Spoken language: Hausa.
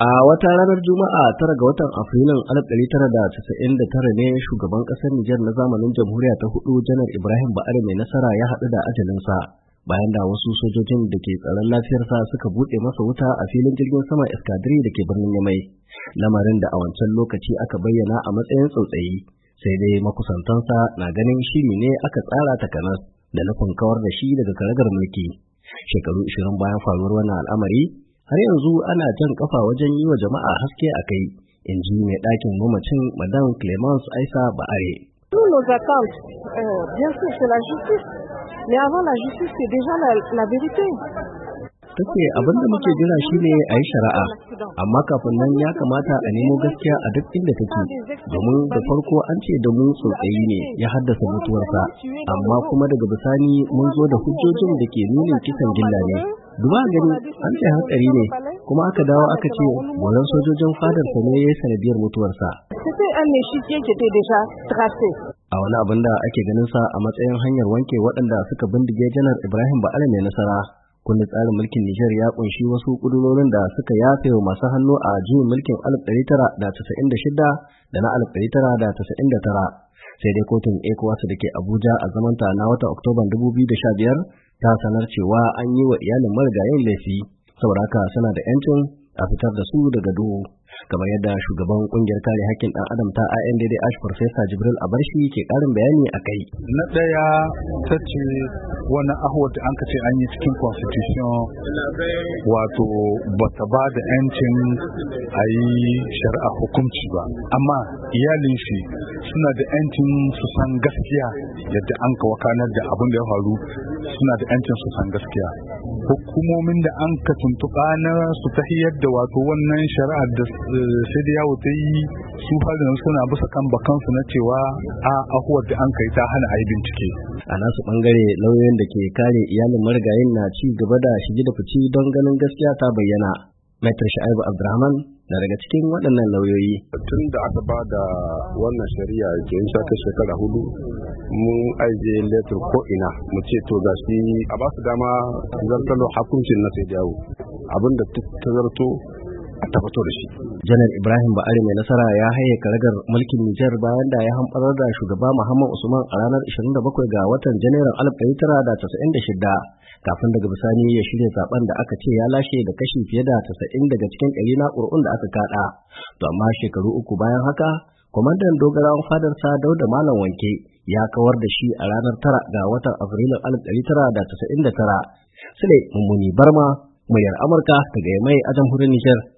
A wata ranar Juma'a tara ga watan Afrilun alif tara da da casa'in tara ne shugaban ƙasar Nijar na zamanin jamhuriya ta hudu janar Ibrahim Ba'ari mai nasara ya haɗu da ajalinsa bayan da wasu sojojin da ke tsaron lafiyarsa suka buɗe masa wuta a filin jirgin sama eskadiri da ke birnin Yamai, lamarin da a wancan lokaci aka bayyana a matsayin tsautsayi, sai dai makusantansa na ganin shiri ne aka tsara takanas da nufin kawar da shi daga karagar mulki. Shekaru ishirin bayan faruwar wannan al'amari, har yanzu ana jan kafa wajen yi wa jama'a haske a kai in ji mai ɗakin mamacin madam clemence aisa ba'are Nous, nos attentes, abin da muke jira shi ne a yi shari'a, amma kafin nan ya kamata a nemo gaskiya a duk inda take, domin da farko an ce da mu tsotsayi ne ya haddasa mutuwarsa, amma kuma daga bisani mun zo da hujjojin da ke nuna kisan gilla ne. duba gani an ce hatsari ne kuma aka dawo aka ce wannan sojojin fadarsa ne ya yi sanadiyar mutuwarsa a wani abin da ake ganin sa a matsayin hanyar wanke waɗanda suka bindige janar ibrahim ba'ala ne nasara kundin tsarin mulkin nijar ya kunshi wasu kudurorin da suka yafe wa masu hannu a juyin mulkin 1996 da na 1999 sai dai kotun ecowas da ke abuja a zamanta na wata oktoban 2015 ta sanar cewa an yi wa iyalin marigayen laifi saboda haka suna da 'yancin a fitar da su daga duhu kamar yadda shugaban kungiyar kare hakkin dan adam ta INDD Ash Professor Jibril Abarshi ke karin bayani a kai. Na daya ta ce wani ahwat da an ka ce an yi cikin constitution wato ba ta ba da yancin a yi shari'a hukunci ba amma iyalin shi suna da yancin su san gaskiya yadda an ka wakanar da abin da ya faru suna da yancin su san gaskiya hukumomin da an ka tuntuɓa na su ta da wato wannan shari'ar da eh, sai da yawo ta yi su harin suna bisa kan bakansu na cewa a ahuwar da an kai ta hana a yi bincike a nasu bangare lauyoyin da ke kare iyalin marigayin na ci gaba da shige da fici don ganin gaskiya ta bayyana Maitar Sha'ibu Abdurrahman na daga cikin waɗannan lauyoyi. Tun da aka ba da wannan shari'a jiyan sha ta shekara hudu mun aije letter ko mu ce to ga shi a ba su dama zartalo hakuncin na sai jawo abin da ta zarto a tabbatar da shi janar ibrahim ba'ari mai nasara ya haye karagar mulkin nijar bayan da ya hamɓarar da shugaba muhammad usman a ranar 27 ga watan janairun 1996 kafin daga bisani ya shirya zaben da aka ce ya lashe da kashi fiye da 90 daga cikin ɗari na ƙuri'un da aka kaɗa to amma shekaru uku bayan haka kwamandan dogarawan fadarsa dauda malam wanke ya kawar da shi a ranar tara ga watan afrilun 1999 sule mummuni barma muryar amurka daga mai a jamhuriyar nijar